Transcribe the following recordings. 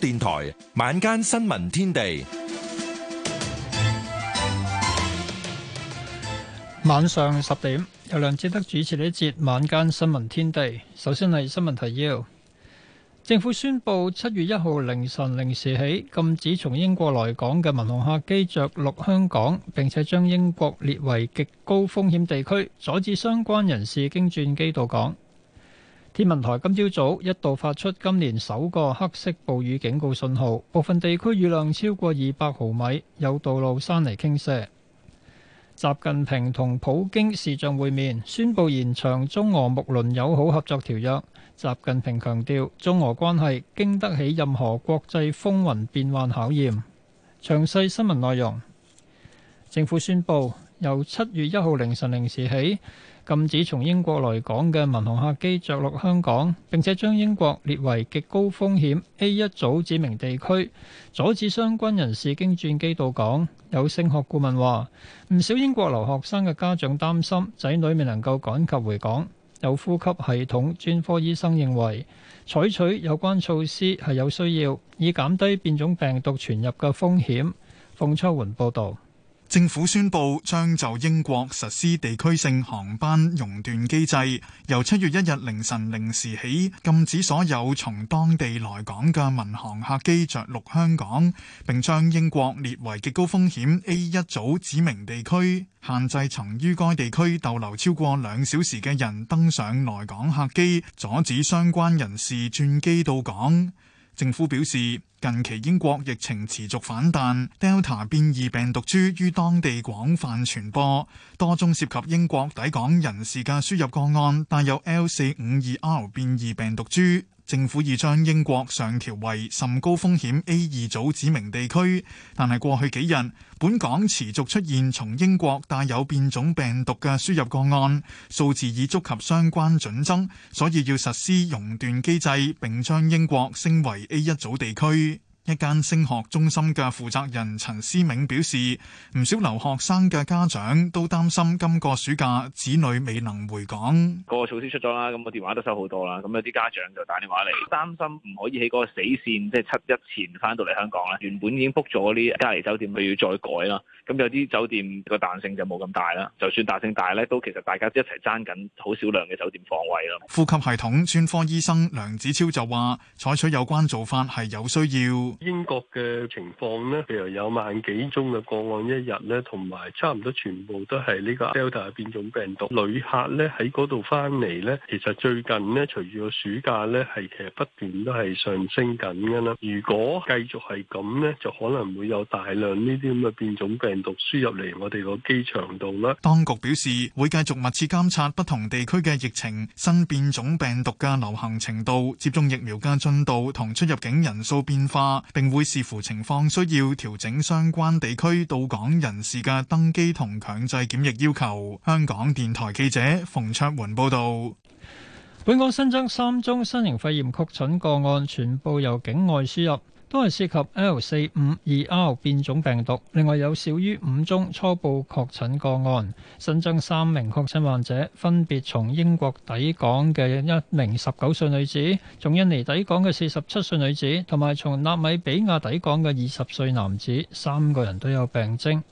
電台晚間新聞天地，晚上十點由梁志德主持呢一節晚間新聞天地。首先係新聞提要：政府宣布七月一號凌晨零時起禁止從英國來港嘅民航客機着陸香港，並且將英國列為極高風險地區，阻止相關人士經轉機到港。天文台今朝早一度發出今年首個黑色暴雨警告信號，部分地區雨量超過二百毫米，有道路山泥傾瀉。習近平同普京視像會面，宣布延長中俄睦鄰友好合作條約。習近平強調，中俄關係經得起任何國際風雲變幻考驗。詳細新聞內容，政府宣布由七月一號凌晨零時起，禁止從英國來港嘅民航客機著陸香港，並且將英國列為極高風險 A 一組指明地區，阻止相關人士經轉機到港。有升學顧問話：唔少英國留學生嘅家長擔心仔女未能夠趕及回港。有呼吸系統專科醫生認為，採取有關措施係有需要，以減低變種病毒傳入嘅風險。馮秋媛報導。政府宣布將就英國實施地區性航班熔斷機制，由七月一日凌晨零時起禁止所有從當地來港嘅民航客機着陸香港，並將英國列為極高風險 A 一組指明地區，限制曾於該地區逗留超過兩小時嘅人登上來港客機，阻止相關人士轉機到港。政府表示，近期英國疫情持續反彈，Delta 變異病毒株於當地廣泛傳播，多宗涉及英國抵港人士嘅輸入個案帶有 L 四五二 R 變異病毒株。政府已將英國上調為甚高風險 A 二組指明地區，但係過去幾日，本港持續出現從英國帶有變種病毒嘅輸入個案，數字已觸及相關準則，所以要實施熔斷機制，並將英國升為 A 一組地區。一間升學中心嘅負責人陳思銘表示，唔少留學生嘅家長都擔心今個暑假子女未能回港。個措施出咗啦，咁、那個電話都收好多啦，咁有啲家長就打電話嚟，擔心唔可以喺個死線即係、就是、七一前翻到嚟香港咧。原本已經 book 咗啲隔離酒店，佢要再改啦。咁有啲酒店個彈性就冇咁大啦。就算彈性大咧，都其實大家一齊爭緊好少量嘅酒店房位咯。呼吸系統專科醫生梁子超就話，採取有關做法係有需要。英國嘅情況呢，譬如有萬幾宗嘅個案一日呢，同埋差唔多全部都係呢個 Delta 變種病毒。旅客呢喺嗰度翻嚟呢，其實最近呢，隨住個暑假呢，係其實不斷都係上升緊㗎喇。如果繼續係咁呢，就可能會有大量呢啲咁嘅變種病毒輸入嚟我哋個機場度啦。當局表示會繼續密切監察不同地區嘅疫情、新變種病毒嘅流行程度、接種疫苗嘅進度同出入境人數變化。並會視乎情況，需要調整相關地區到港人士嘅登機同強制檢疫要求。香港電台記者馮卓桓報道。本港新增三宗新型肺炎確診個案，全部由境外輸入。都係涉及 L 四五二 R 變種病毒，另外有少於五宗初步確診個案，新增三名確診患者，分別從英國抵港嘅一名十九歲女子，從印尼抵港嘅四十七歲女子，同埋從納米比亞抵港嘅二十歲男子，三個人都有病徵。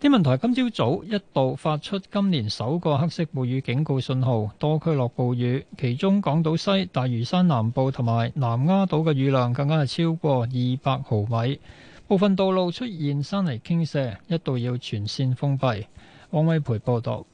天文台今朝早一度發出今年首個黑色暴雨警告信號，多區落暴雨，其中港島西、大嶼山南部同埋南丫島嘅雨量更加係超過二百毫米，部分道路出現山泥傾瀉，一度要全線封閉。汪偉培報道。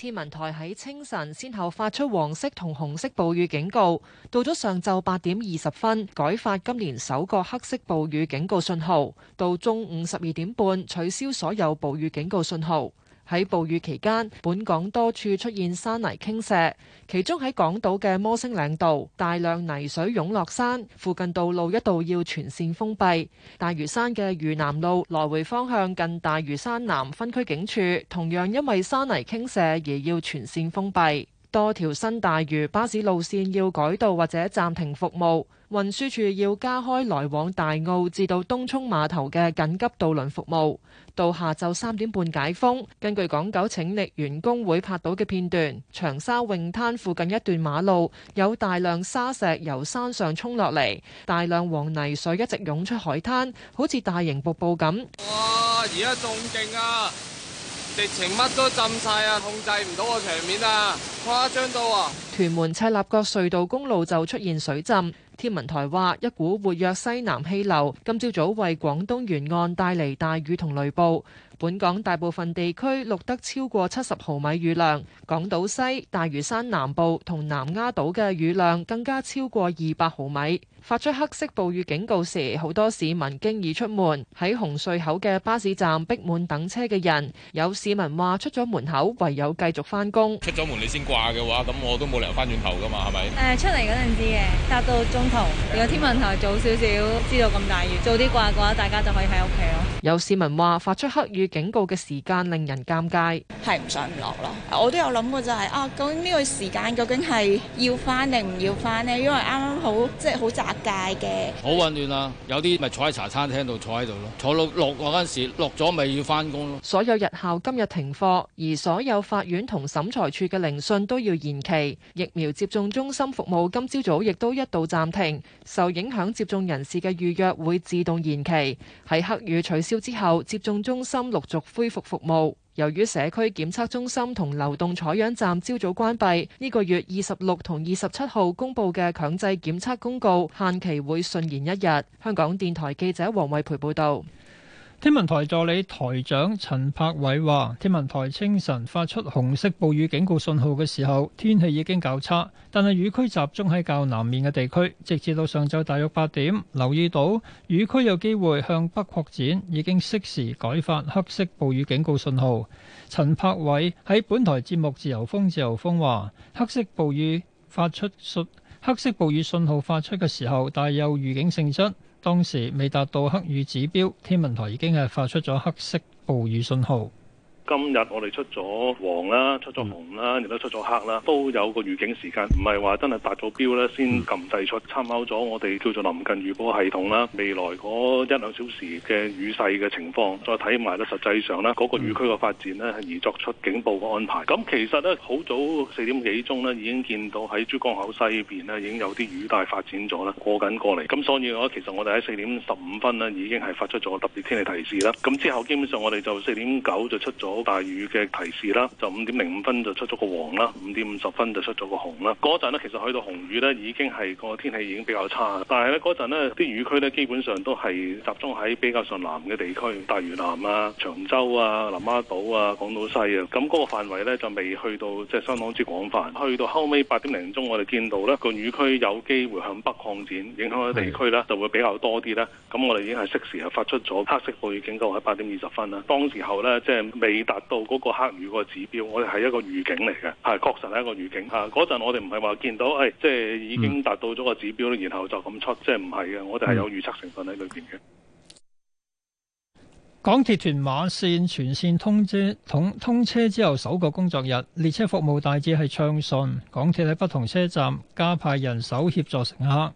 天文台喺清晨先後發出黃色同紅色暴雨警告，到咗上晝八點二十分改發今年首個黑色暴雨警告信號，到中午十二點半取消所有暴雨警告信號。喺暴雨期間，本港多處出現山泥傾瀉，其中喺港島嘅摩星嶺道大量泥水湧落山，附近道路一度要全線封閉。大嶼山嘅嶼南路來回方向近大嶼山南分區警署，同樣因為山泥傾瀉而要全線封閉，多條新大嶼巴士路線要改道或者暫停服務。運輸處要加開來往大澳至到東涌碼頭嘅緊急渡輪服務，到下晝三點半解封。根據港九拯溺員工會拍到嘅片段，長沙泳灘附近一段馬路有大量沙石由山上沖落嚟，大量黃泥水一直湧出海灘，好似大型瀑布咁。哇！而家仲勁啊！直情乜都浸晒啊！控制唔到個場面啊！誇張到啊！屯門赤鱲角隧道公路就出現水浸。天文台話，一股活躍西南氣流今朝早為廣東沿岸帶嚟大雨同雷暴。本港大部分地區錄得超過七十毫米雨量，港島西、大嶼山南部同南丫島嘅雨量更加超過二百毫米。發出黑色暴雨警告時，好多市民經已出門，喺紅隧口嘅巴士站逼滿等車嘅人。有市民有話：出咗門口，唯有繼續翻工。出咗門你先掛嘅話，咁我都冇理由翻轉頭噶嘛，係咪？誒，出嚟嗰陣時嘅，搭到中途，如果天文台早少少知道咁大雨，早啲掛嘅話，大家就可以喺屋企咯。有市民話：發出黑雨警告嘅時間令人尷尬，係唔上唔落咯。我都有諗過就係、是，啊，咁呢個時間究竟係要翻定唔要翻呢？因為啱啱好，即係好窄。街嘅好混亂啊！有啲咪坐喺茶餐廳度坐喺度咯，坐到落嗰陣時落咗咪要返工咯。所有日校今日停課，而所有法院同審裁處嘅聆訊都要延期。疫苗接種中心服務今朝早亦都一度暫停，受影響接種人士嘅預約會自動延期。喺黑雨取消之後，接種中心陸續恢復服務。由於社區檢測中心同流動採樣站朝早關閉，呢、這個月二十六同二十七號公布嘅強制檢測公告限期會順延一日。香港電台記者黃慧培報導。天文台助理台長陳柏偉話：天文台清晨發出紅色暴雨警告信號嘅時候，天氣已經較差，但係雨區集中喺較南面嘅地區。直至到上晝大約八點，留意到雨區有機會向北擴展，已經適時改發黑色暴雨警告信號。陳柏偉喺本台節目《自由風》《自由風》話：黑色暴雨發出信，黑色暴雨信號發出嘅時候，帶有預警性質。當時未達到黑雨指標，天文台已經係發出咗黑色暴雨信號。今日我哋出咗黃啦，出咗紅啦，亦都出咗黑啦，都有個預警時間，唔係話真係達咗標咧先撳掣，出參考咗我哋叫做臨近預報系統啦，未來嗰一兩小時嘅雨勢嘅情況，再睇埋咧實際上咧嗰個雨區嘅發展咧而作出警報嘅安排。咁其實咧好早四點幾鐘咧已經見到喺珠江口西邊咧已經有啲雨帶發展咗喇過緊過嚟，咁所以咧其實我哋喺四點十五分咧已經係發出咗特別天氣提示啦。咁之後基本上我哋就四點九就出咗。大雨嘅提示啦，就五點零五分就出咗個黃啦，五點五十分就出咗個紅啦。嗰陣咧，其實去到紅雨呢，已經係個天氣已經比較差。但係呢，嗰陣咧，啲雨區呢，基本上都係集中喺比較上南嘅地區，大嶼南啊、長洲啊、南丫島啊、港島西啊。咁嗰個範圍咧，就未去到即係、就是、相當之廣泛。去到後尾八點零鐘，我哋見到呢個雨區有機會向北擴展，影響嘅地區呢，就會比較多啲咧。咁我哋已經係適時係發出咗黑色暴雨警告喺八點二十分啦。當時候呢，即、就、係、是、未。達到嗰個黑雨個指標，我哋係一個預警嚟嘅，係確實係一個預警。嗰、啊、陣我哋唔係話見到，誒、哎，即、就、係、是、已經達到咗個指標，然後就咁出，即係唔係嘅，我哋係有預測成分喺裏邊嘅。嗯、港鐵屯馬線全線通車，通通，通車之後首個工作日，列車服務大致係暢順。港鐵喺不同車站加派人手協助乘客。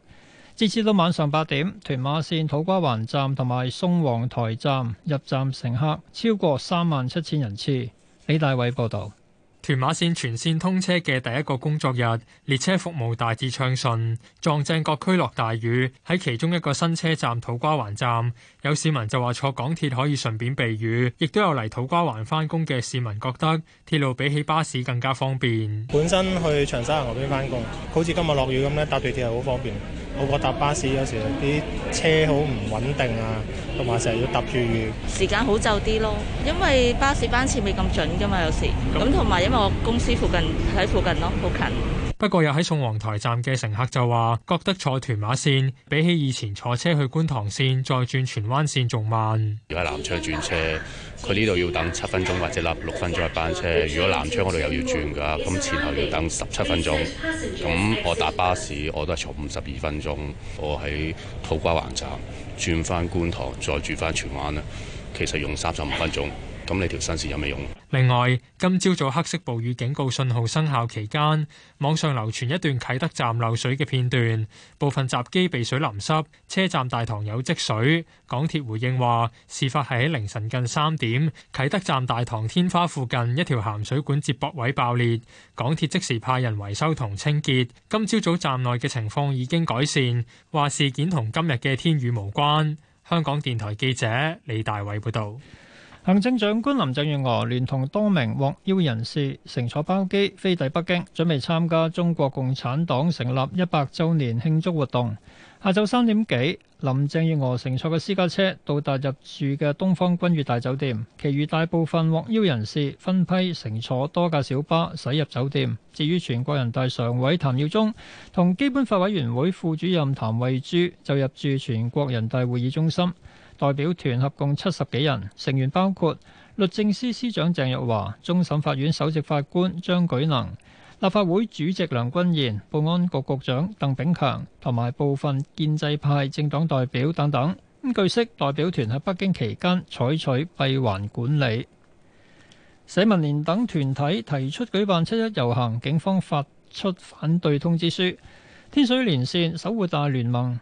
截至到晚上八點，屯馬線土瓜灣站同埋宋皇臺站入站乘客超過三萬七千人次。李大偉報導。屯馬線全線通車嘅第一個工作日，列車服務大致暢順。撞正各區落大雨，喺其中一個新車站土瓜灣站，有市民就話坐港鐵可以順便避雨，亦都有嚟土瓜灣返工嘅市民覺得鐵路比起巴士更加方便。本身去長沙灣嗰邊翻工，好似今日落雨咁咧，搭地鐵係好方便。我覺得搭巴士有時啲車好唔穩定啊，同埋成日要搭住時間好就啲咯，因為巴士班次未咁準㗎嘛，有時。咁同埋因為我公司附近喺附近咯，好近。不過又喺宋皇台站嘅乘客就話，覺得坐屯馬線比起以前坐車去觀塘線再轉荃灣線仲慢。而家南昌轉車，佢呢度要等七分鐘或者立六分鐘一班車。如果南昌嗰度又要轉噶，咁前後要等十七分鐘。咁我搭巴士我都係坐五十二分鐘，我喺土瓜灣站轉翻觀塘，再轉翻荃灣咧，其實用三十五分鐘。咁你條身士有咩用？另外，今朝早，早黑色暴雨警告信號生效期間，網上流傳一段啟德站漏水嘅片段，部分閘機被水淋濕，車站大堂有積水。港鐵回應話，事發係喺凌晨近三點，啟德站大堂天花附近一條咸水管接駁位爆裂，港鐵即時派人維修同清潔。今朝早，早站內嘅情況已經改善，話事件同今日嘅天雨無關。香港電台記者李大偉報道。行政長官林鄭月娥聯同多名獲邀人士乘坐包機飛抵北京，準備參加中國共產黨成立一百週年慶祝活動。下晝三點幾，林鄭月娥乘坐嘅私家車到達入住嘅東方君悦大酒店，其餘大部分獲邀人士分批乘坐多架小巴駛入酒店。至於全國人大常委譚耀宗同基本法委員會副主任譚惠珠就入住全國人大會議中心。代表團合共七十幾人，成員包括律政司司長鄭若驊、終審法院首席法官張舉能、立法會主席梁君彥、保安局局長鄧炳強同埋部分建制派政黨代表等等。咁據悉，代表團喺北京期間採取閉環管理。社民連等團體提出舉辦七一遊行，警方發出反對通知書。天水連線，守護大聯盟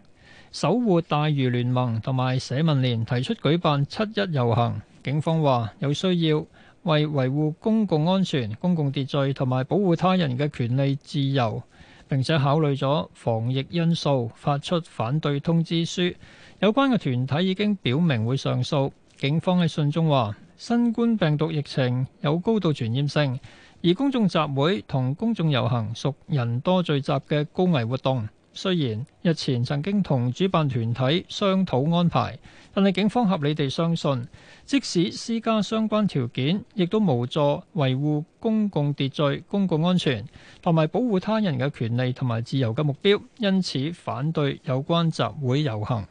守護大嶼聯盟同埋社民連提出舉辦七一遊行，警方話有需要為維護公共安全、公共秩序同埋保護他人嘅權利自由，並且考慮咗防疫因素，發出反對通知書。有關嘅團體已經表明會上訴。警方喺信中話，新冠病毒疫情有高度傳染性，而公眾集會同公眾遊行屬人多聚集嘅高危活動。雖然日前曾經同主辦團體商討安排，但係警方合理地相信，即使施加相關條件，亦都無助維護公共秩序、公共安全同埋保護他人嘅權利同埋自由嘅目標，因此反對有關集會遊行。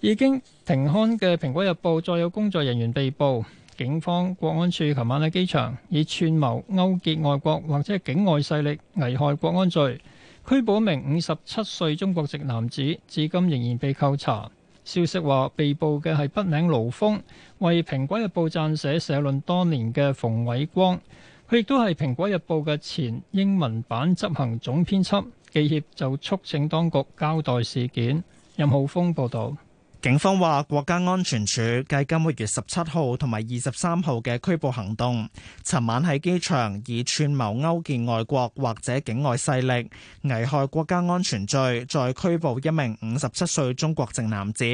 已經停刊嘅《蘋果日報》再有工作人員被捕，警方國安處琴晚喺機場以串謀勾結外國或者境外勢力危害國安罪，拘捕一名五十七歲中國籍男子，至今仍然被扣查。消息話被捕嘅係筆名盧峯，為《蘋果日報》撰寫社，社論多年嘅馮偉光，佢亦都係《蘋果日報》嘅前英文版執行總編輯。記協就促請當局交代事件。任浩峰報導。警方話，國家安全處繼今個月十七號同埋二十三號嘅拘捕行動，尋晚喺機場以串謀勾結外國或者境外勢力危害國家安全罪，再拘捕一名五十七歲中國籍男子。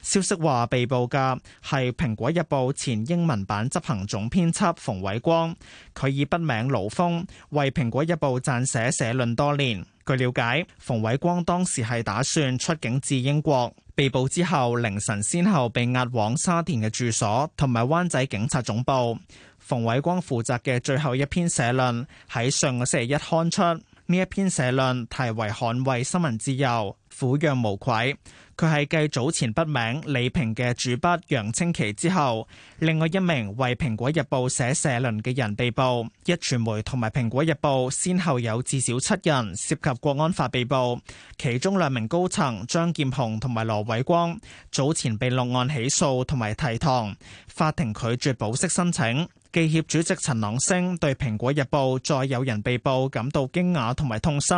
消息話，被捕嘅係《蘋果日報》前英文版執行總編輯馮偉光，佢以筆名盧峰為《蘋果日報》撰寫社論多年。據了解，馮偉光當時係打算出境至英國，被捕之後凌晨先後被押往沙田嘅住所同埋灣仔警察總部。馮偉光負責嘅最後一篇社論喺上個星期一刊出，呢一篇社論題為捍衛新聞自由，俯仰無愧。佢係繼早前筆名李平嘅主筆楊清奇之後，另外一名為《蘋果日報》寫社論嘅人被捕。壹傳媒同埋《蘋果日報》先後有至少七人涉及國安法被捕，其中兩名高層張劍虹同埋羅偉光早前被落案起訴同埋提堂，法庭拒絕保釋申請。記協主席陳朗升對《蘋果日報》再有人被捕感到驚訝同埋痛心，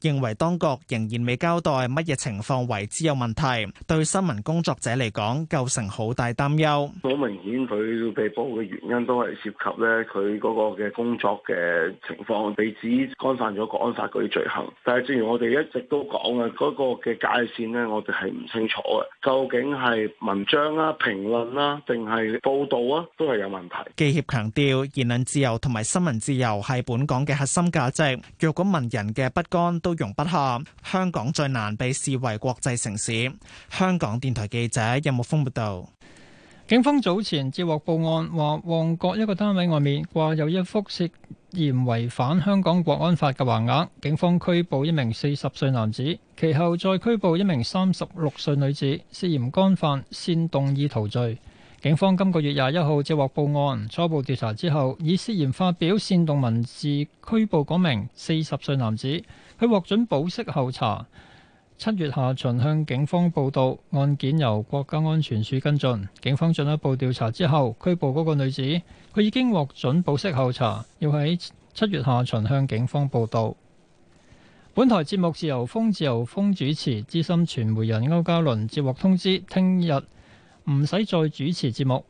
認為當局仍然未交代乜嘢情況，為之有問題，對新聞工作者嚟講構成好大擔憂。好明顯，佢被捕嘅原因都係涉及呢佢嗰個嘅工作嘅情況，被指干犯咗國安法嗰啲罪行。但係正如我哋一直都講嘅，嗰個嘅界線呢，我哋係唔清楚嘅，究竟係文章啦、評論啦，定係報道啊，都係有問題。記協強調言論自由同埋新聞自由係本港嘅核心價值。若果文人嘅不干都容不下，香港再難被視為國際城市。香港電台記者任木峰報道。警方早前接獲報案，話旺角一個單位外面掛有一幅涉嫌違反香港國安法嘅橫額。警方拘捕一名四十歲男子，其後再拘捕一名三十六歲女子，涉嫌干犯煽動意圖罪。警方今個月廿一號接獲報案，初步調查之後，以涉嫌發表煽動文字拘捕嗰名四十歲男子。佢獲准保釋候查。七月下旬向警方報道，案件由國家安全署跟進。警方進一步調查之後，拘捕嗰個女子。佢已經獲准保釋候查，要喺七月下旬向警方報道。本台節目自由風，自由風主持，資深傳媒人歐嘉倫接獲通知，聽日唔使再主持節目，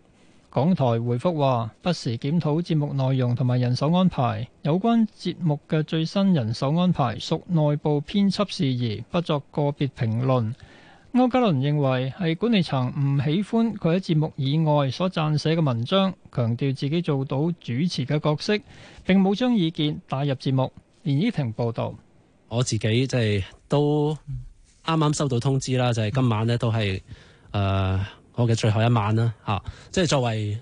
港台回覆話不時檢討節目內容同埋人手安排。有關節目嘅最新人手安排屬內部編輯事宜，不作個別評論。歐嘉倫認為係管理層唔喜歡佢喺節目以外所撰寫嘅文章，強調自己做到主持嘅角色並冇將意見帶入節目。連依婷報道，我自己即係都啱啱收到通知啦，就係今晚咧都係，誒。呃我嘅最後一晚啦，嚇、啊！即係作為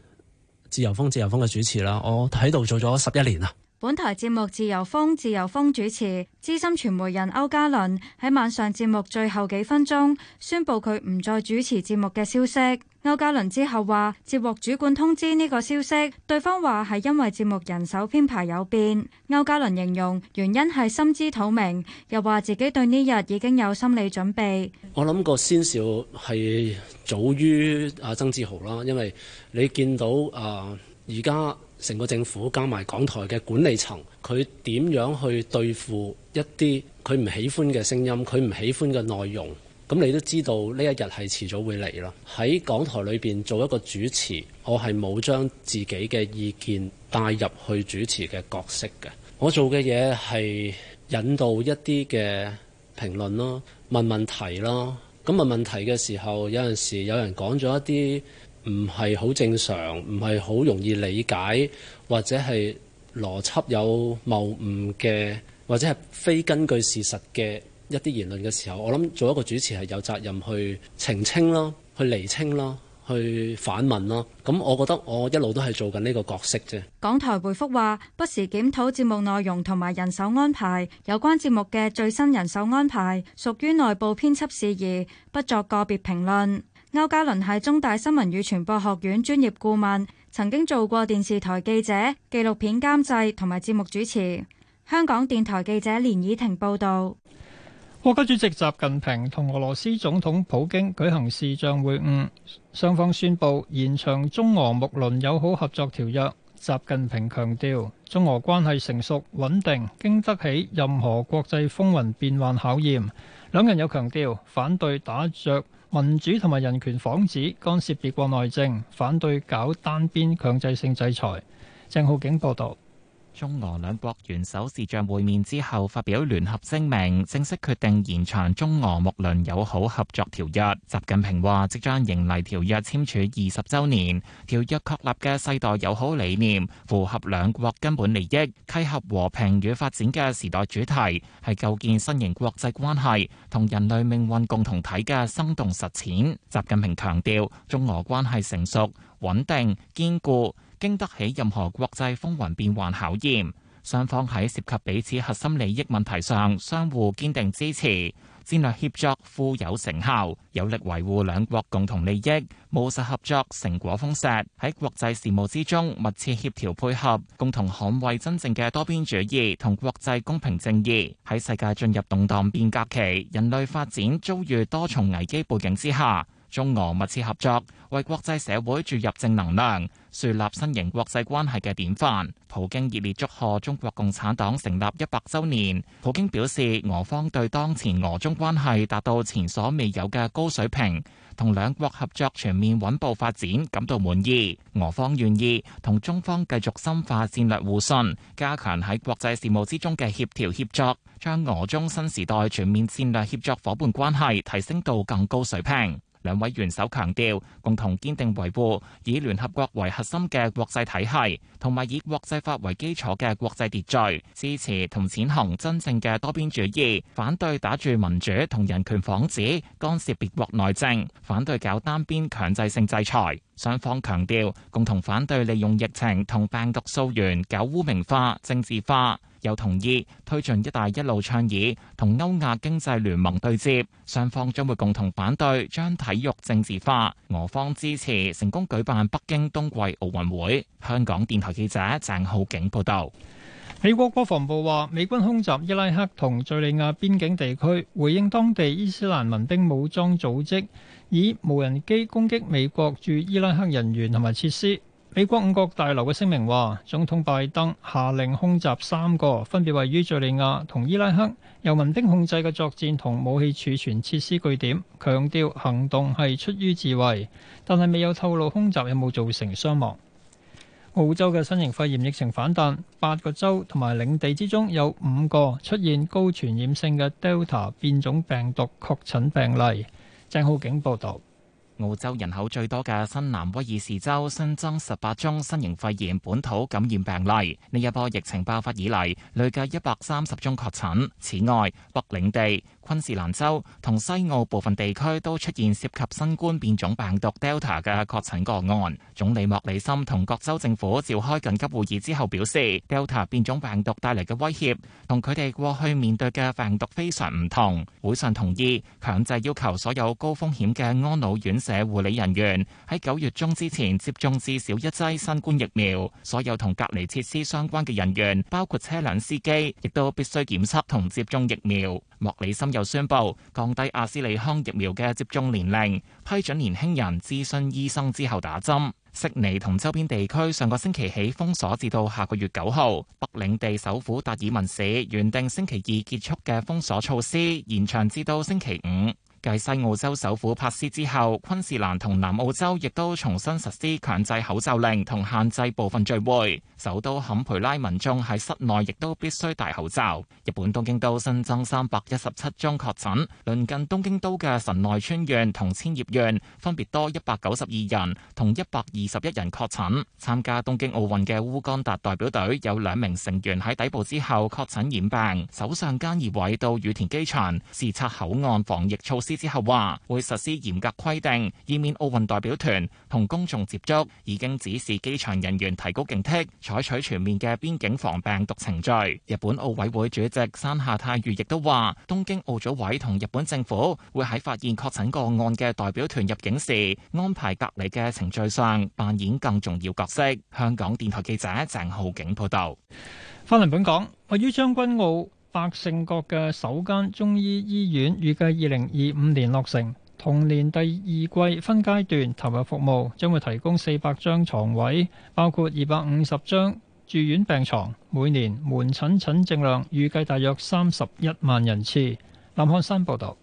自由風自由風嘅主持啦，我喺度做咗十一年喇！本台節目《自由風自由風》主持資深傳媒人歐嘉倫喺晚上節目最後幾分鐘宣佈佢唔再主持節目嘅消息。歐嘉倫之後話接獲主管通知呢個消息，對方話係因為節目人手編排有變。歐嘉倫形容原因係心知肚明，又話自己對呢日已經有心理準備。我諗個先兆係早於阿曾志豪啦，因為你見到啊，而家。呃成個政府加埋港台嘅管理層，佢點樣去對付一啲佢唔喜歡嘅聲音、佢唔喜歡嘅內容？咁你都知道呢一日係遲早會嚟啦。喺港台裏邊做一個主持，我係冇將自己嘅意見帶入去主持嘅角色嘅。我做嘅嘢係引導一啲嘅評論咯、問問題咯。咁問問題嘅時候，有陣時有人講咗一啲，唔係好正常，唔係好容易理解，或者係邏輯有謬誤嘅，或者係非根據事實嘅一啲言論嘅時候，我諗做一個主持係有責任去澄清咯，去釐清咯，去反問咯，咁我覺得我一路都係做緊呢個角色啫。港台回覆話：不時檢討節目內容同埋人手安排，有關節目嘅最新人手安排屬於內部編輯事宜，不作個別評論。歐嘉倫係中大新聞與傳播學院專業顧問，曾經做過電視台記者、紀錄片監製同埋節目主持。香港電台記者連以婷報道，國家主席習近平同俄羅斯總統普京舉行視像會晤，雙方宣布延長中俄睦鄰友好合作條約。習近平強調，中俄關係成熟穩定，經得起任何國際風雲變幻考驗。兩人又強調反對打着民主同埋人權幌子，干涉別國內政，反對搞單邊強制性制裁。鄭浩景報道。中俄兩國元首視像會面之後發表聯合聲明，正式決定延長中俄睦鄰友好合作條約。習近平話：即將迎嚟條約簽署二十周年，條約確立嘅世代友好理念，符合兩國根本利益，契合和平與發展嘅時代主題，係構建新型國際關係同人類命運共同體嘅生動實踐。習近平強調，中俄關係成熟、穩定、堅固。經得起任何國際風雲變幻考驗，雙方喺涉及彼此核心利益問題上相互堅定支持，戰略協作富有成效，有力維護兩國共同利益，務實合作成果豐碩，喺國際事務之中密切協調配合，共同捍衛真正嘅多邊主義同國際公平正義，喺世界進入動盪變革期、人類發展遭遇多重危機背景之下。中俄密切合作，為國際社會注入正能量，樹立新型國際關係嘅典範。普京熱烈祝賀中國共產黨成立一百周年。普京表示，俄方對當前俄中關係達到前所未有嘅高水平，同兩國合作全面穩步發展感到滿意。俄方願意同中方繼續深化戰略互信，加強喺國際事務之中嘅協調協作，將俄中新時代全面戰略協作夥伴關係提升到更高水平。兩位元首強調，共同堅定維護以聯合國為核心嘅國際體系，同埋以國際法為基礎嘅國際秩序，支持同踐行真正嘅多邊主義，反對打住民主同人權幌子干涉別國內政，反對搞單邊強制性制裁。雙方強調，共同反對利用疫情同病毒溯源搞污名化、政治化。有同意推進“一帶一路”倡議同歐亞經濟聯盟對接，雙方將會共同反對將體育政治化。俄方支持成功舉辦北京冬季奧運會，香港電台記者鄭浩景報道。美國國防部話，美軍空襲伊拉克同敘利亞邊境地區，回應當地伊斯蘭民兵武裝組織以無人機攻擊美國駐伊拉克人員同埋設施。美國五角大樓嘅聲明話，總統拜登下令空襲三個分別位於敘利亞同伊拉克由民兵控制嘅作戰同武器儲存設施據點，強調行動係出於自衛，但係未有透露空襲有冇造成傷亡。澳洲嘅新型肺炎疫情反彈，八個州同埋領地之中有五個出現高傳染性嘅 Delta 變種病毒確診病例。鄭浩景報導。澳洲人口最多嘅新南威爾士州新增十八宗新型肺炎本土感染病例，呢一波疫情爆發以嚟累計一百三十宗確診。此外，北領地、昆士蘭州同西澳部分地區都出現涉及新冠變種病毒 Delta 嘅確診個案。總理莫里森同各州政府召開緊急會議之後，表示 Delta 變種病毒帶嚟嘅威脅同佢哋過去面對嘅病毒非常唔同。會上同意強制要求所有高風險嘅安老院舍護理人員喺九月中之前接種至少一劑新冠疫苗。所有同隔離設施相關嘅人員，包括車輛司機，亦都必須檢測同接種疫苗。莫里森又宣布降低阿斯利康疫苗嘅接種年齡，批准年輕人諮詢醫生之後打針。悉尼同周邊地區上個星期起封鎖，至到下個月九號。北領地首府達爾文市原定星期二結束嘅封鎖措施，延長至到星期五。繼西澳洲首府珀斯之後，昆士蘭同南澳洲亦都重新實施強制口罩令同限制部分聚會。首都坎培拉民眾喺室內亦都必須戴口罩。日本東京都新增三百一十七宗確診，鄰近東京都嘅神奈川縣同千葉縣分別多一百九十二人同一百二十一人確診。參加東京奧運嘅烏干達代表隊有兩名成員喺抵埗之後確診染病，首相菅義偉到羽田機場視察口岸防疫措施。之後話會實施嚴格規定，以免奧運代表團同公眾接觸。已經指示機場人員提高警惕，採取全面嘅邊境防病毒程序。日本奧委會主席山下泰裕亦都話，東京奧組委同日本政府會喺發現確診個案嘅代表團入境時安排隔離嘅程序上扮演更重要角色。香港電台記者鄭浩景報道。翻嚟本港，位於將軍澳。百勝角嘅首間中醫醫院預計二零二五年落成，同年第二季分階段投入服務，將會提供四百張床位，包括二百五十張住院病床，每年門診診症量預計大約三十一萬人次。南漢山報道，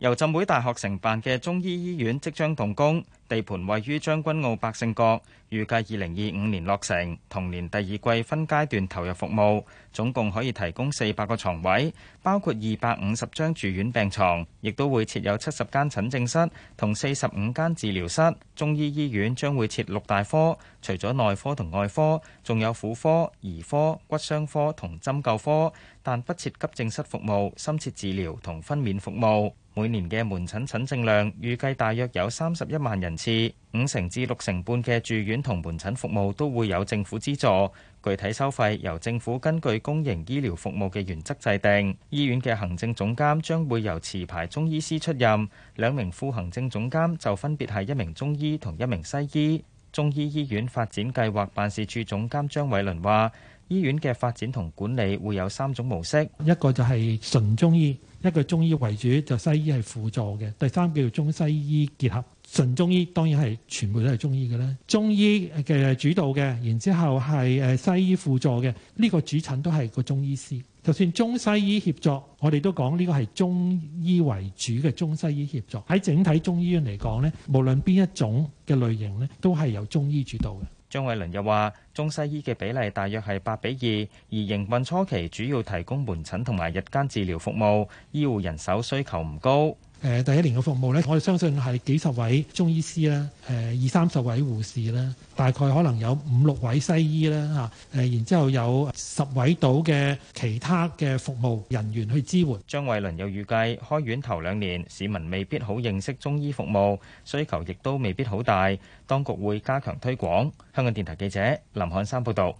由浸會大學承辦嘅中醫醫院即將動工。地盤位於將軍澳百勝角，預計二零二五年落成，同年第二季分階段投入服務，總共可以提供四百個床位，包括二百五十張住院病床，亦都會設有七十間診症室同四十五間治療室。中醫醫院將會設六大科，除咗內科同外科，仲有婦科、兒科、骨傷科同針灸科，但不設急症室服務，深切治療同分娩服務。每年嘅門診診症量預計大約有三十一萬人次五成至六成半嘅住院同門診服務都會有政府資助，具體收費由政府根據公營醫療服務嘅原則制定。醫院嘅行政總監將會由持牌中醫師出任，兩名副行政總監就分別係一名中醫同一名西醫。中醫醫院發展計劃辦事處總監張偉倫話，醫院嘅發展同管理會有三種模式，一個就係純中醫，一個中醫為主，就西醫係輔助嘅，第三叫做中西醫結合。純中醫當然係全部都係中醫嘅啦，中醫嘅主導嘅，然之後係誒西醫輔助嘅，呢個主診都係個中醫師。就算中西醫協作，我哋都講呢個係中醫為主嘅中西醫協作。喺整體中醫院嚟講呢，無論邊一種嘅類型呢，都係由中醫主導嘅。張偉麟又話：中西醫嘅比例大約係八比二，而營運初期主要提供門診同埋日間治療服務，醫護人手需求唔高。誒第一年嘅服務呢，我相信係幾十位中醫師啦，誒二三十位護士啦。大概可能有五六位西醫啦，嚇，誒然之後有十位到嘅其他嘅服務人員去支援。張偉倫又預計開院頭兩年，市民未必好認識中醫服務，需求亦都未必好大。當局會加強推廣。香港電台記者林漢山報導。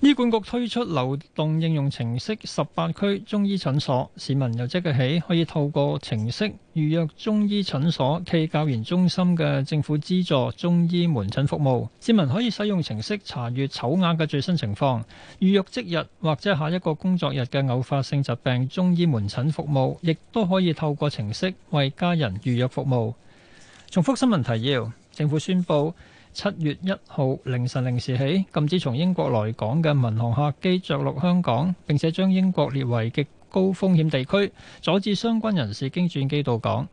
醫管局推出流動應用程式，十八區中醫診所市民由即刻起可以透過程式預約中醫診所暨教研中心嘅政府資助中醫門診服務。市民可以使用程式查閲籌額嘅最新情況，預約即日或者下一個工作日嘅偶發性疾病中醫門診服務，亦都可以透過程式為家人預約服務。重複新聞提要：政府宣布，七月一號凌晨零時起，禁止從英國來港嘅民航客機着陸香港，並且將英國列為極高風險地區，阻止相關人士經轉機到港。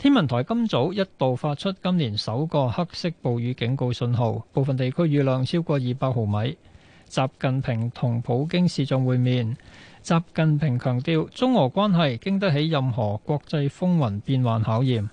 天文台今早一度發出今年首個黑色暴雨警告信號，部分地區雨量超過二百毫米。習近平同普京視像會面，習近平強調中俄關係經得起任何國際風雲變幻考驗。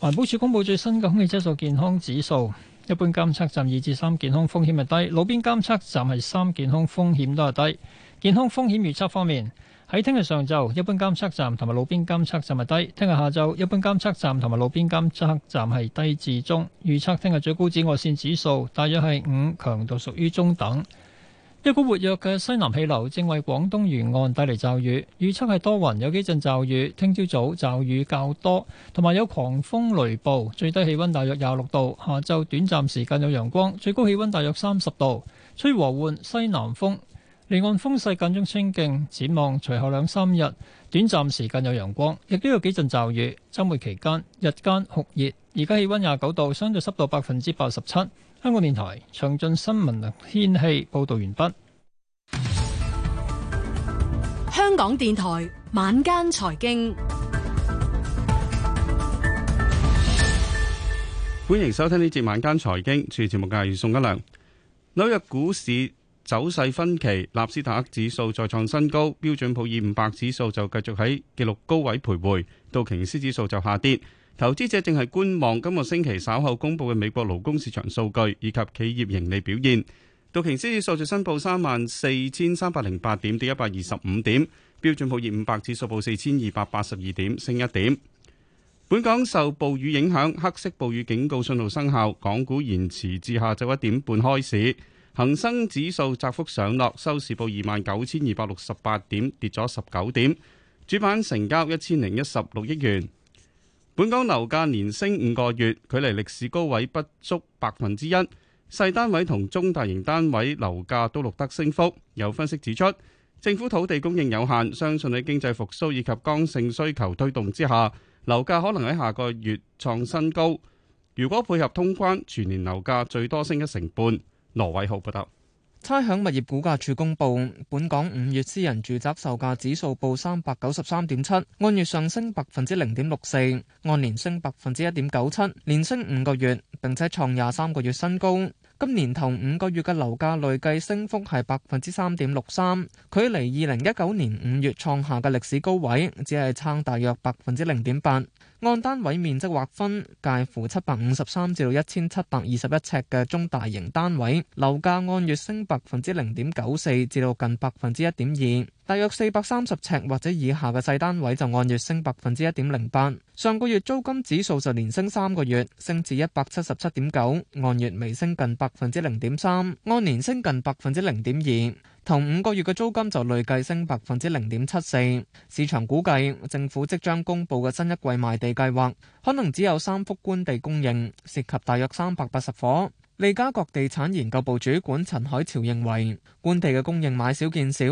環保署公布最新嘅空氣質素健康指數，一般監測站二至三健康風險係低，路邊監測站係三健康風險都係低。健康風險預測方面，喺聽日上晝，一般監測站同埋路邊監測站係低；聽日下晝，一般監測站同埋路邊監測站係低至中。預測聽日最高紫外線指數大約係五，強度屬於中等。一股活躍嘅西南氣流正為廣東沿岸帶嚟驟雨，預測係多雲有幾陣驟雨，聽朝早驟雨較多，同埋有狂風雷暴。最低氣温大約廿六度，下晝短暫時間有陽光，最高氣温大約三十度，吹和緩西南風。離岸風勢間中清勁，展望隨後兩三日短暫時間有陽光，亦都有幾陣驟雨。周末期間日間酷熱，而家氣温廿九度，相對濕度百分之八十七。香港電台詳盡新聞天氣報道完畢。香港電台晚間財經，歡迎收聽呢節晚間財經，主持節目嘅係宋吉良。紐約股市。走勢分歧，納斯達克指數再創新高，標準普爾五百指數就繼續喺紀錄高位徘徊。道瓊斯指數就下跌，投資者正係觀望今個星期稍後公布嘅美國勞工市場數據以及企業盈利表現。道瓊斯指數就申報三萬四千三百零八點，跌一百二十五點，標準普爾五百指數報四千二百八十二點，升一點。本港受暴雨影響，黑色暴雨警告信號生效，港股延遲至下晝一點半開市。恒生指數窄幅上落，收市報二萬九千二百六十八點，跌咗十九點。主板成交一千零一十六億元。本港樓價連升五個月，距離歷史高位不足百分之一。細單位同中大型單位樓價都錄得升幅。有分析指出，政府土地供應有限，相信喺經濟復蘇以及剛性需求推動之下，樓價可能喺下個月創新高。如果配合通關，全年樓價最多升一成半。羅偉豪報道。差餉物業估價署公布，本港五月私人住宅售價指數報三百九十三點七，按月上升百分之零點六四，按年升百分之一點九七，連升五個月，並且創廿三個月新高。今年頭五個月嘅樓價累計升幅係百分之三點六三，距離二零一九年五月創下嘅歷史高位，只係差大約百分之零點八。按單位面積劃分，介乎七百五十三至到一千七百二十一尺嘅中大型單位，樓價按月升百分之零點九四至到近百分之一點二。大約四百三十尺或者以下嘅細單位就按月升百分之一點零八。上個月租金指數就連升三個月，升至一百七十七點九，按月微升近百分之零點三，按年升近百分之零點二。同五個月嘅租金就累計升百分之零點七四。市場估計，政府即將公佈嘅新一季賣地計劃，可能只有三幅官地供應，涉及大約三百八十伙。利嘉閣地產研究部主管陳海潮認為，官地嘅供應買少見少，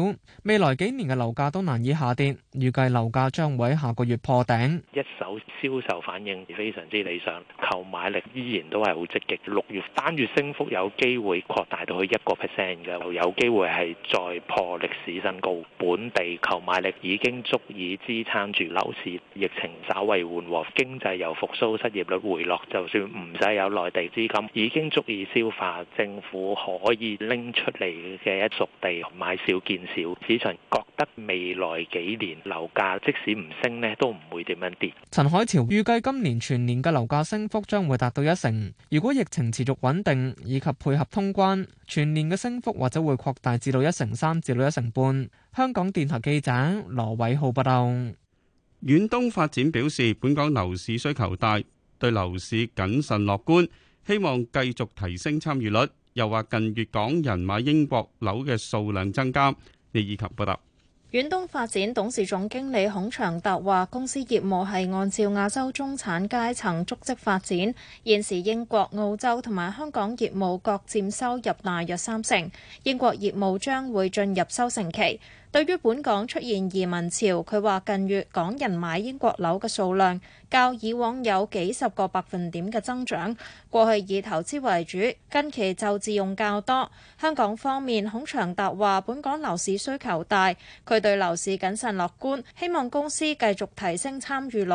未來幾年嘅樓價都難以下跌，預計樓價將會喺下個月破頂。一手銷售反應非常之理想，購買力依然都係好積極。六月單月升幅有機會擴大到去一個 percent 嘅，有有機會係再破歷史新高。本地購買力已經足以支撐住樓市，疫情稍為緩和，經濟又復甦，失業率回落，就算唔使有內地資金，已經足以。易消化，政府可以拎出嚟嘅，一熟地買少見少，市場覺得未來幾年樓價即使唔升呢都唔會點樣跌。陳海潮預計今年全年嘅樓價升幅將會達到一成，如果疫情持續穩定以及配合通關全年嘅升幅或者會擴大至到一成三至到一成半。香港電台記者羅偉浩報導。遠東發展表示，本港樓市需求大，對樓市謹慎樂觀。希望繼續提升參與率，又話近月港人買英國樓嘅數量增加。李以琴報道，遠東發展董事總經理孔祥達話：公司業務係按照亞洲中產階層足跡發展，現時英國、澳洲同埋香港業務各佔收入大約三成，英國業務將會進入收成期。對於本港出現移民潮，佢話近月港人買英國樓嘅數量較以往有幾十個百分點嘅增長。過去以投資為主，近期就自用較多。香港方面，孔長達話本港樓市需求大，佢對樓市謹慎樂觀，希望公司繼續提升參與率。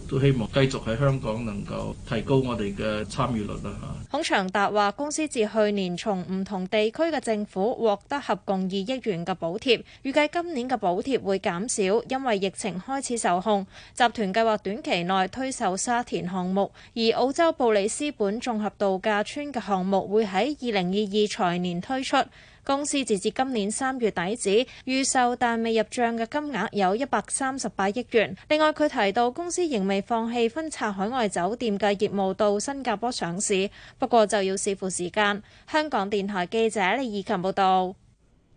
都希望繼續喺香港能夠提高我哋嘅參與率啦。孔祥達話：公司自去年從唔同地區嘅政府獲得合共二億元嘅補貼，預計今年嘅補貼會減少，因為疫情開始受控。集團計劃短期內推售沙田項目，而澳洲布里斯本綜合度假村嘅項目會喺二零二二財年推出。公司截至今年三月底止，預售但未入帳嘅金額有一百三十八億元。另外，佢提到公司仍未放棄分拆海外酒店嘅業務到新加坡上市，不過就要視乎時間。香港電台記者李以琴報道。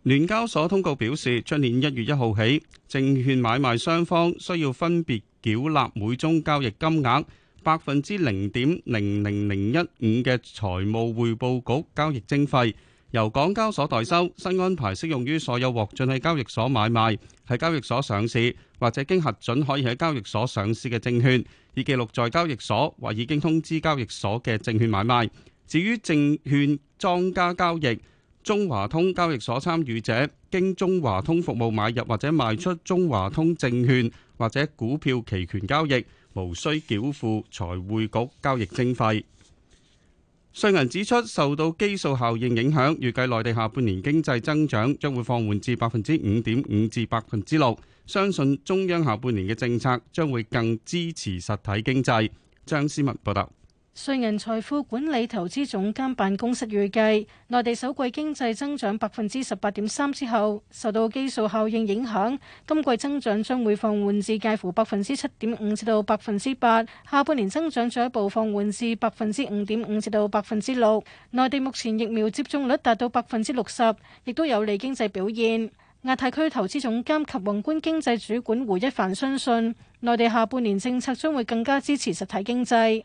聯交所通告表示，出年一月一號起，證券買賣雙方需要分別繳納每宗交易金額百分之零點零零零一五嘅財務匯報局交易徵費。由港交所代收。新安排適用於所有獲進喺交易所買賣，喺交易所上市或者經核准可以喺交易所上市嘅證券，以記錄在交易所或已經通知交易所嘅證券買賣，至於證券莊家交易，中華通交易所參與者經中華通服務買入或者賣出中華通證券或者股票期權交易，無需繳付財匯局交易徵費。瑞銀指出，受到基數效應影響，預計內地下半年經濟增長將會放緩至百分之五點五至百分之六。相信中央下半年嘅政策將會更支持實體經濟。張思密報道。瑞銀財富管理投資總監辦公室預計，內地首季經濟增長百分之十八點三之後，受到基數效應影響，今季增長將會放緩至介乎百分之七點五至到百分之八。下半年增長進一步放緩至百分之五點五至到百分之六。內地目前疫苗接種率達到百分之六十，亦都有利經濟表現。亞太區投資總監及宏觀經濟主管胡一帆相信，信，內地下半年政策將會更加支持實體經濟。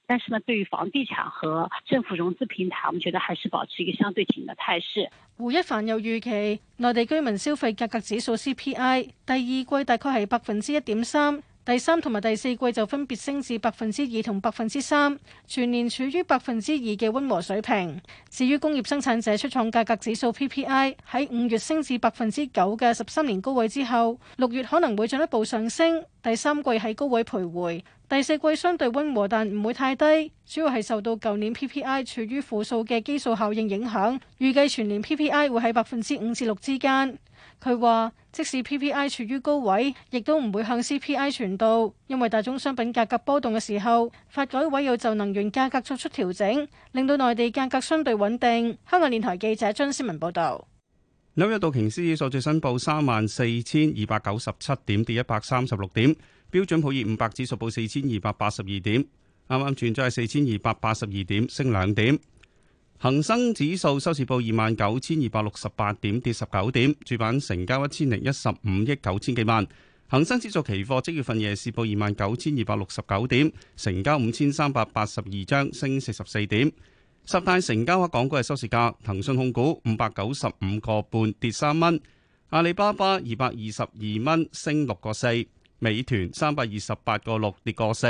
但是呢，對於房地產和政府融資平台，我們覺得還是保持一個相對緊的態勢。胡一帆又預期內地居民消費價格指數 CPI 第二季大概係百分之一點三，第三同埋第四季就分別升至百分之二同百分之三，全年處於百分之二嘅溫和水平。至於工業生產者出廠價格指數 PPI 喺五月升至百分之九嘅十三年高位之後，六月可能會進一步上升，第三季喺高位徘徊。第四季相對溫和，但唔會太低，主要係受到舊年 PPI 處於負數嘅基數效應影響。預計全年 PPI 會喺百分之五至六之間。佢話，即使 PPI 處於高位，亦都唔會向 CPI 傳導，因為大宗商品價格波動嘅時候，發改委要就能源價格作出調整，令到內地價格相對穩定。香港電台記者張思文報道。紐約道瓊斯指數最新報三萬四千二百九十七點，跌一百三十六點。標準普爾五百指數報四千二百八十二點，啱啱轉咗係四千二百八十二點，升兩點。恒生指數收市報二萬九千二百六十八點，跌十九點。主板成交一千零一十五億九千幾萬。恒生指數期貨即月份夜市報二萬九千二百六十九點，成交五千三百八十二張，升四十四點。十大成交額港股嘅收市價，騰訊控股五百九十五個半跌三蚊，阿里巴巴二百二十二蚊升六個四。美團三百二十八個六跌個四，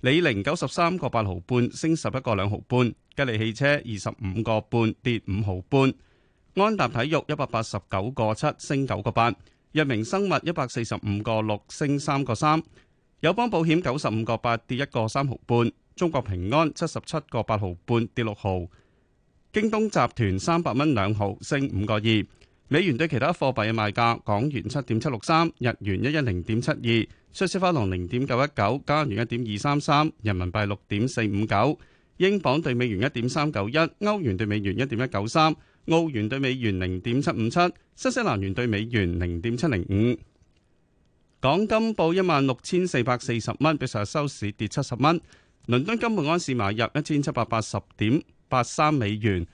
李寧九十三個八毫半升十一個兩毫半，吉利汽車二十五個半跌五毫半，安踏體育一百八十九個七升九個八，藥明生物一百四十五個六升三個三，友邦保險九十五個八跌一個三毫半，中國平安七十七個八毫半跌六毫，京東集團三百蚊兩毫升五個二。美元對其他貨幣嘅賣價：港元七點七六三，日元一一零點七二，瑞士法郎零點九一九，加元一點二三三，人民幣六點四五九，英鎊對美元一點三九一，歐元對美元一點一九三，澳元對美元零點七五七，新西蘭元對美元零點七零五。港金報一萬六千四百四十蚊，比上日收市跌七十蚊。倫敦金每安士買入一千七百八十點八三美元，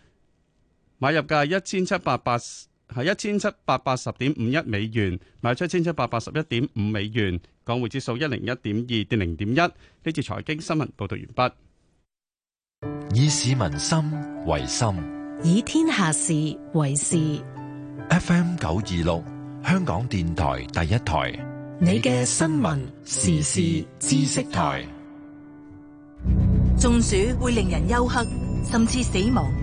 買入價一千七百八十。係一千七百八十點五一美元，賣出一千七百八十一點五美元。港匯指數一零一點二，跌零點一。呢次財經新聞報道完畢。以市民心為心，以天下事為事。F M 九二六，香港電台第一台。你嘅新聞時事知識台。中暑會令人休克，甚至死亡。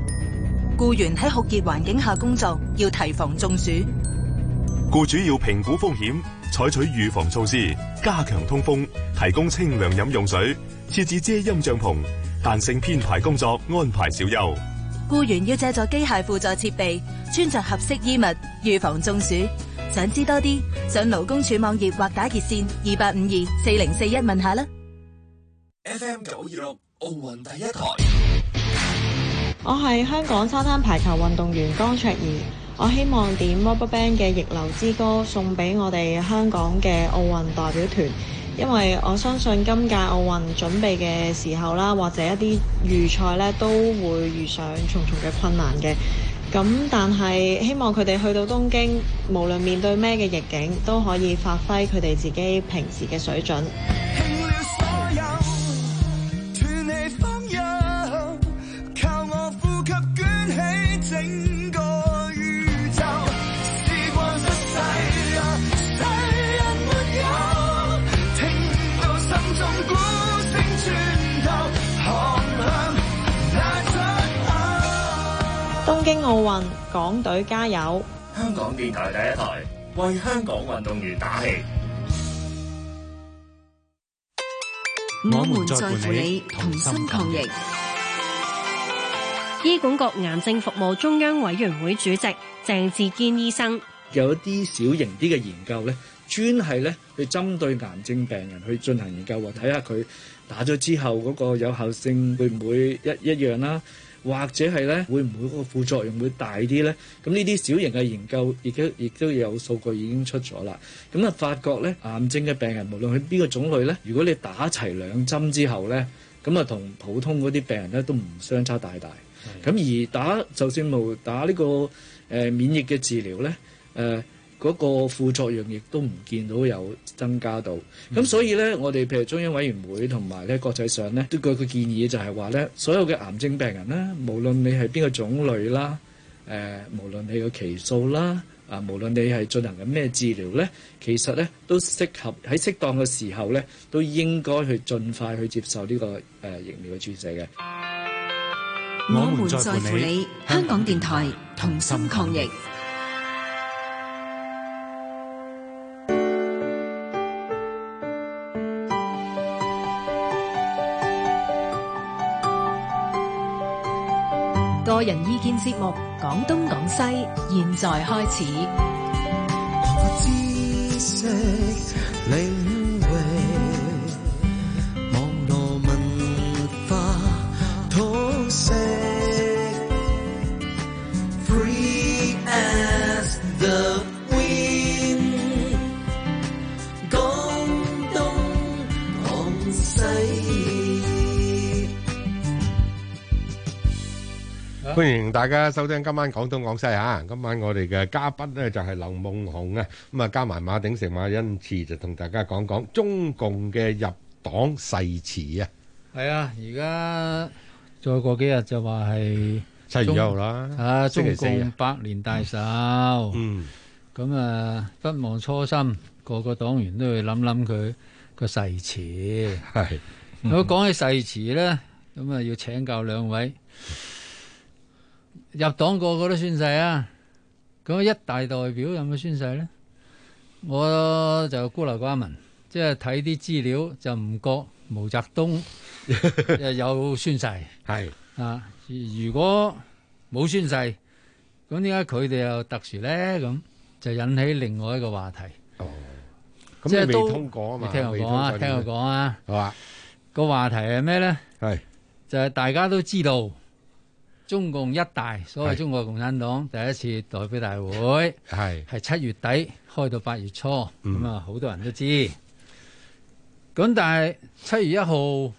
僱員喺酷熱環境下工作，要提防中暑。僱主要評估風險，採取預防措施，加強通風，提供清涼飲用水，設置遮陰帳篷，彈性編排工作，安排小休。雇員要借助機械輔助設備，穿着合適衣物，預防中暑。想知多啲，上勞工處網頁或打熱線二八五二四零四一問下啦。FM 九二六，奧運第一台。我係香港沙灘排球運動員江卓儀，我希望點 RubberBand 嘅逆流之歌送俾我哋香港嘅奧運代表團，因為我相信今屆奧運準備嘅時候啦，或者一啲預賽呢，都會遇上重重嘅困難嘅，咁但係希望佢哋去到東京，無論面對咩嘅逆境，都可以發揮佢哋自己平時嘅水準。東京奧運，港隊加油！香港電台第一台，為香港運動員打氣。我們在乎你，同心抗疫。醫管局癌症服務中央委員會主席鄭志堅醫生，有一啲小型啲嘅研究咧，專係咧去針對癌症病人去進行研究，話睇下佢打咗之後嗰個有效性會唔會一一,一樣啦。或者係咧，會唔會嗰個副作用會大啲咧？咁呢啲小型嘅研究亦都亦都有數據已經出咗啦。咁啊，發覺咧，癌症嘅病人無論喺邊個種類咧，如果你打齊兩針之後咧，咁啊，同普通嗰啲病人咧都唔相差大大。咁的而打就算冇打呢、個誒、呃、免疫嘅治療咧，誒、呃。嗰個副作用亦都唔見到有增加到，咁、嗯、所以呢，我哋譬如中央委員會同埋咧國際上呢，都個個建議就係話呢，所有嘅癌症病人咧，無論你係邊個種類啦，誒、呃，無論你嘅期數啦，啊，無論你係進行緊咩治療呢，其實呢都適合喺適當嘅時候呢，都應該去盡快去接受呢、這個誒、呃、疫苗嘅注射嘅。我們在乎你，香港電台同心抗疫。人意見節目，講東講西，現在開始。 歡迎大家收聽今晚廣東廣西吓，今晚我哋嘅嘉賓咧就係劉夢紅啊，咁啊加埋馬鼎盛、馬恩慈就同大家講講中共嘅入黨誓詞啊。係啊，而家再過幾日就話係七月一號啦。啊，中共百年大壽，嗯，咁啊不忘初心，個個黨員都要諗諗佢個誓詞。係，如果講起誓詞咧，咁啊要請教兩位。入黨個個都宣誓啊！咁一大代表有冇宣誓咧？我就孤陋寡聞，即係睇啲資料就唔覺毛澤東有宣誓。係啊，如果冇宣誓，咁點解佢哋又特殊咧？咁就引起另外一個話題。哦，即係未通過啊嘛？聽我講啊，聽我講啊。好啊。個話題係咩咧？係就係大家都知道。中共一大，所謂中國共產黨第一次代表大會，係係七月底開到八月初，咁啊好多人都知。咁但係七月一號。